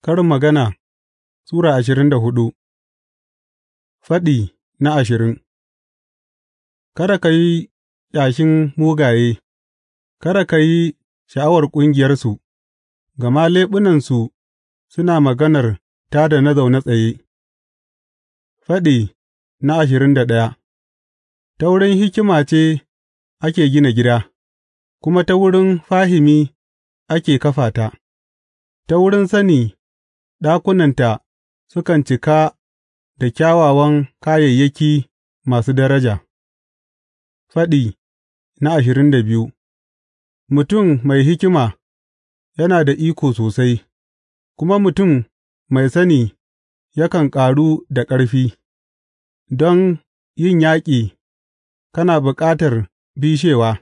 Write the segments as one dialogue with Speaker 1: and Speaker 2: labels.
Speaker 1: Karin Magana Sura ashirin da hudu Faɗi na ashirin Kada ka yi ƙyashin mugaye, kada ka yi sha'awar ƙungiyarsu, gama leɓunansu suna maganar ta da na zaune tsaye. Faɗi na ashirin da ɗaya Ta wurin hikima ce ake gina gida, kuma ta wurin fahimi ake kafa ta, ta wurin sani. ɗakunanta sukan cika da kyawawan kayayyaki masu daraja. Faɗi na ashirin da biyu Mutum mai hikima yana da iko sosai, kuma mutum mai sani yakan ƙaru da ƙarfi, don yin yaƙi kana bukatar bishewa,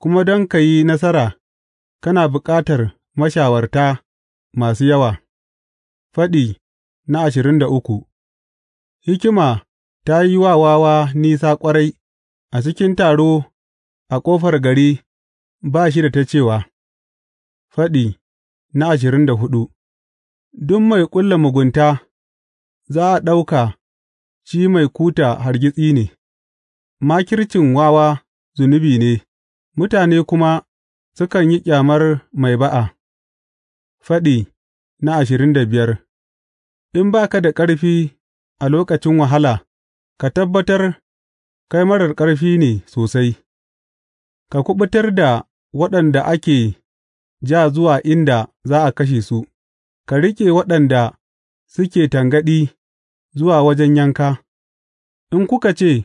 Speaker 1: kuma don ka yi nasara kana bukatar mashawarta masu yawa. Faɗi na ashirin da uku Hikima ta yi wa wawa nisa ƙwarai; a cikin taro a ƙofar gari ba shi da ta cewa. Faɗi na ashirin da hudu Duk mai ƙulla mugunta za a ɗauka shi mai kuta hargitsi ne; makircin wawa zunubi ne, mutane kuma sukan yi ƙyamar mai ba'a. Faɗi na ashirin da biyar In ba ka da ƙarfi a lokacin wahala, ka tabbatar kai marar ƙarfi ne sosai; ka kuɓutar da waɗanda ake ja zuwa inda za a kashe su, ka riƙe waɗanda suke tangaɗi zuwa wajen yanka, in kuka ce,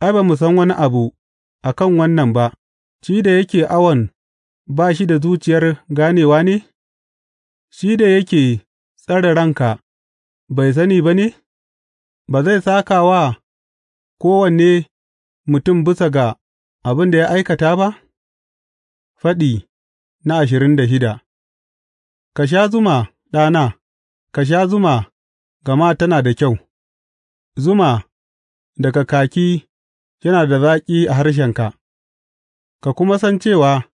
Speaker 1: Ai, ba mu san wani abu a kan wannan ba, shi da yake awon ba shi da zuciyar ganewa ne, shi da yake tsare ranka. bai sani ba ne, ba zai saka wa kowanne mutum bisa ga abin da ya aikata ba? Faɗi na ashirin da shida Ka sha zuma, ɗana, ka sha zuma, gama tana da kyau, zuma daga kaki yana da zaƙi a harshenka, ka kuma san cewa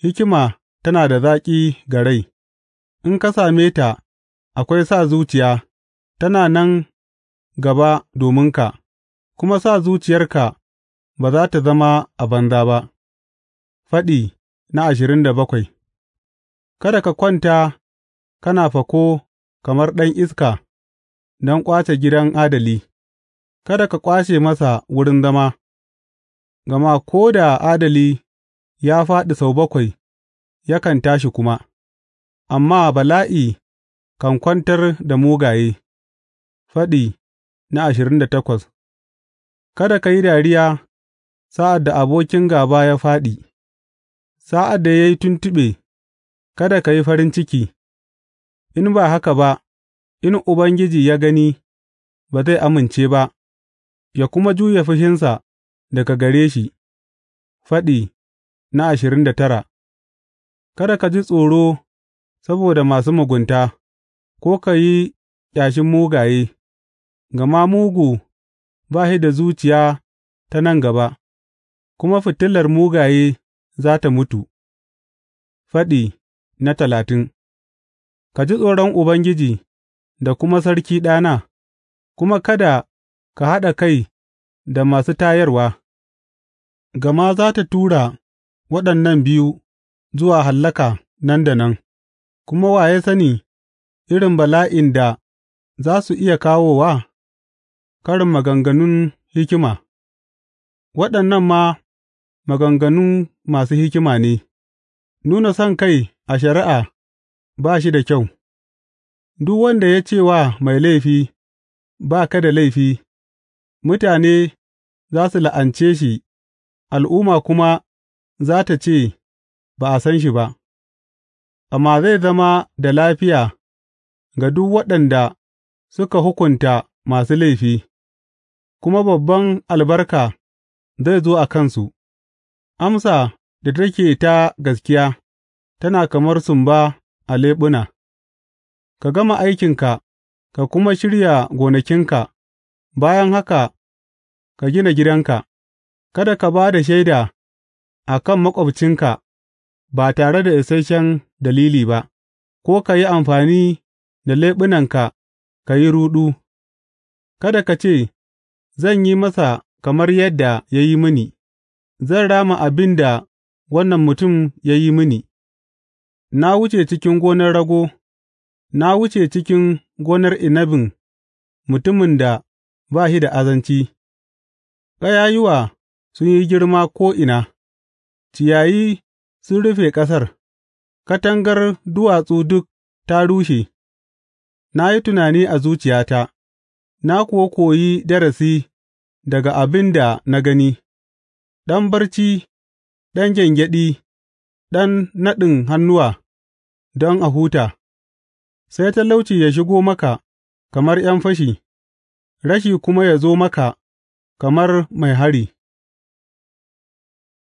Speaker 1: hikima tana da zaƙi ga rai, in ka same ta akwai sa zuciya. tana nan gaba dominka, kuma sa zuciyarka ba za tă zama a banza ba. Faɗi na ashirin da bakwai Kada ka kwanta kana fako kamar ɗan iska don ƙwace gidan adali, kada ka ƙwace masa wurin zama, gama ko da adali ya faɗi sau bakwai, yakan tashi kuma, amma bala'i kan kwantar da mugaye. Faɗi na ashirin da takwas Kada ka yi dariya sa'ad da abokin gaba ya faɗi. sa'ad da ya yi tuntuɓe, kada ka yi farin ciki, in ba haka ba, in Ubangiji ya gani, ba zai amince ba ya kuma juya fushinsa daga gare shi Faɗi na ashirin da tara Kada ka ji tsoro saboda masu mugunta ko ka yi ƙyashin mugaye. Gama mugu ba shi da zuciya ta nan gaba, kuma fitilar mugaye za tă mutu. Faɗi na talatin Ka ji tsoron Ubangiji da kuma Sarki ɗana, kuma kada ka haɗa kai da masu tayarwa, gama za ta tura waɗannan biyu zuwa hallaka nan da nan, kuma wa ya sani irin bala'in da za su iya kawowa? Karin maganganun hikima Waɗannan ma maganganu masu hikima ne, nuna son kai a shari'a ba shi da kyau, duk wanda ya ce wa mai laifi, Ba ka da laifi, mutane za su la'ance shi al'umma kuma za ta ce, Ba a san shi ba, amma zai zama da lafiya ga duk waɗanda suka hukunta masu laifi. kuma babban albarka zai zo a kansu, amsa da take ta gaskiya tana kamar sumba a leɓuna, ka gama aikinka ka kuma shirya gonakinka, bayan haka ka gina gidanka, kada ka ba da shaida a kan maƙwabcinka ba tare da isasshen dalili ba, ko ka yi amfani da leɓunanka ka yi ruɗu, kada ka ce, Zan yi masa kamar yadda ya yi mini; zan rama abin da wannan mutum ya yi mini, Na wuce cikin gonar rago, na wuce cikin gonar inabin mutumin da ba shi da azanci; ƙayayuwa sun yi girma ko'ina, ciyayi sun rufe ƙasar, katangar duwatsu duk ta rushe, na yi tunani a zuciyata, na kuwa koyi darasi. daga abin da na gani, ɗan barci, ɗan gyangyaɗi, ɗan naɗin hannuwa don a huta, sai talauci ya shigo maka kamar ’yan fashi, rashi kuma ya zo maka kamar mai hari.